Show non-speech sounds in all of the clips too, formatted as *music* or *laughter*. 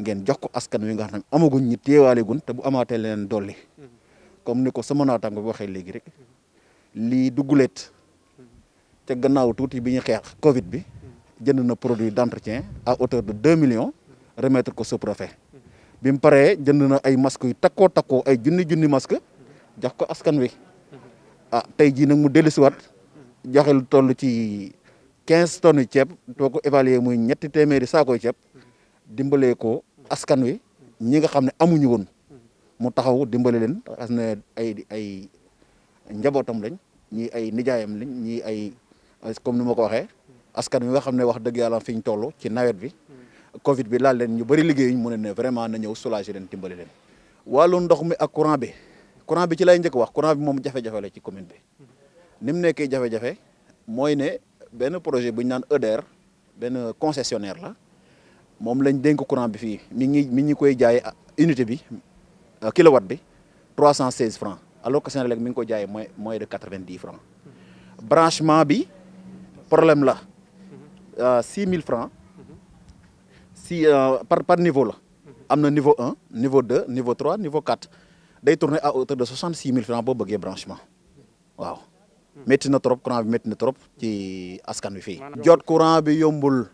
ngeen jox ko askan wi nga xam ne amaguñ ñu téewaale gun te bu amaatee leneen dolli comme ni ko sama naataango bi waxee léegi rek lii dugguleet te gannaaw tuuti bi ñu xeex Covid bi jënd na produit d'entretien à hauteur de deux millions remettre ko sous-préfet bi mu paree jënd na ay masques yu takkoo takkoo ay junni junni masque jox ko askan wi ah tey jii mu dellusiwaat joxe toll ci quinze tonnes yu ceeb too ko évaluer muy ñetti di saakoy ceeb dimbalee askan wi ñi nga xam ne amuñu woon mu taxaw dimbale leen xas ne ay ay njabootam lañ ñii ay nijaayam lañ ñii ay comme ni ma ko waxee askan wi nga xam ne wax dëgg yàlla fi ñu toll ci nawet bi Covid bi laal leen ñu bari liggéeyuñ mu ne ne vraiment na ñëw soulager leen dimbale leen. wàllu ndox mi ak courant bi courant bi ci lay njëkk wax courant bi moom jafe-jafe la ci commune bi ni mu nekkee jafe-jafe mooy ne benn projet bu ñu naan EDR benn concessionnaire la. moom lañ dénk courant bi fii mi ngi mi ngi koy jaayee euh, unité bi euh, kilowatt bi trois cent seize francs alors que mi ngi koy jaayee moins moins de quatre vingt dix branchement bi problème la euh, six mille francs par par niveau la am na niveau un niveau deux niveau trois niveau quatre day tourner à hauteur de soixante six mille francs boo bëggee branchement waaw metti na trop courant bi métti na trop ci askan wi fii jot courant bi yombul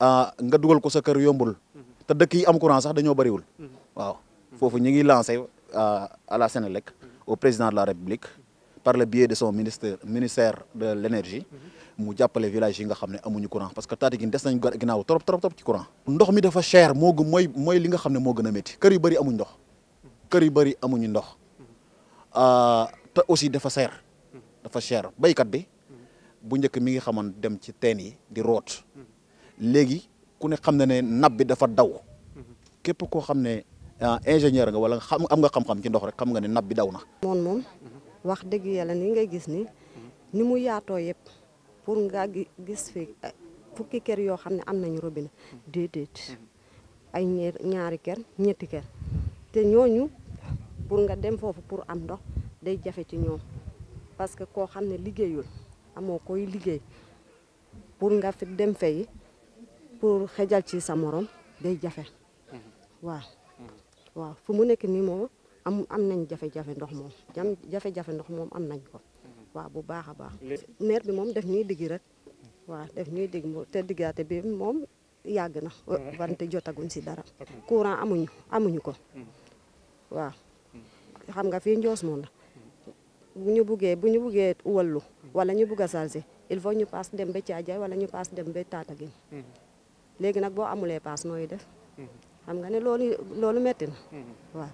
Ah, nga dugal ko sa kër yombul mhm. te dëkk yi am courant sax dañoo bëriwul mhm. waaw foofu ñu ngi lancé ah, à la Sénélec mhm. au président de la République par le biais de son ministère ministère de l'énergie mu jàppale village yi nga xam ne amuñu courant parce que Tataguine des nañu ginnaaw trop trop trop ci courant ndox mi dafa cher moo gën mooy mooy li nga xam ne moo gën a métti kër yu bëri amuñ ndox kër yu bëri amuñu ndox ah, te aussi dafa cher dafa cher bi bu njëkk mi ngi xamoon dem ci teen léegi ku ne xam na ne nappe bi dafa daw képp koo xam ne ah, ingénieur nga wala xam am nga xam-xam ci ndox rek xam nga ne nappe bi daw na. moom moom wax dëgg yàlla ni ngay gis ni ni mu yaatoo yëpp pour nga gis fi eh, fukki ker yoo xam ne am nañu robinet déedéet ay ñaari kër ñetti ker te ñooñu pour nga dem foofu pour am ndox day jafe ci ñoom parce que koo xam ne liggéeyul amoo koy liggéey pour nga dem fay pour xejal ci sa morom day jafe mhm. waaw mhm. waaw fu mu nek ni mom am am nañ jafe-jafe ndox mom jam jafe-jafe ndox mom am nañ ko mhm. waaw bu baaxa baax maire bi mom def ni digi rek waaw def ñuy mo te digaté bi mom yag na *laughs* wante jotaguñ ci dara *laughs* courant amuñu amuñu ko waaw xam nga fi ndios mom la bu ñu buggee bu ñu buggee wallu wala ñu bugg salsé il faut ñu passe dem ba wala ñu passe dem ba léegi nak bo amulé pass nooy def mhm. xam nga né loolu loolu metti na mhm. wa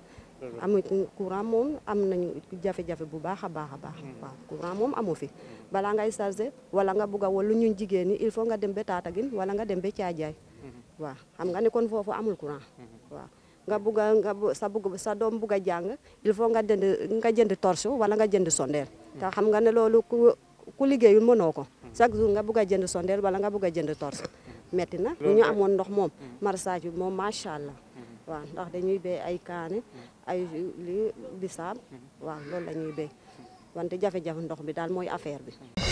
amu courant mom am nañu jafe-jafe bu baaxa baaxa baax mhm. wa courant mom amu fi bala ngay charger wala nga bëgg a wallu ñun jigéen ni il faut nga dem tata Tattaguine wala nga dem ba Thiadiaye wa xam nga né kon fofu amul courant wa nga bëgg nga sa bëgg sa doom bëgg jang il faut nga dënd nga jënd torche wala nga jënd sondel ta xam nga né loolu ku ku liggéeyul mënoo chaque jour nga bëgg jënd sondel wala nga bëgg jënd torche metti na bu ñu amoon ndox moom mm. maraîchage bi moom macha allah mm-hmm. waaw ndax dañuy béy ay kaane mm. ay li bisaab mm-hmm. waaw loolu la ñuy béy mm-hmm. wante jafe-jafe ndox bi daal mooy affaire bi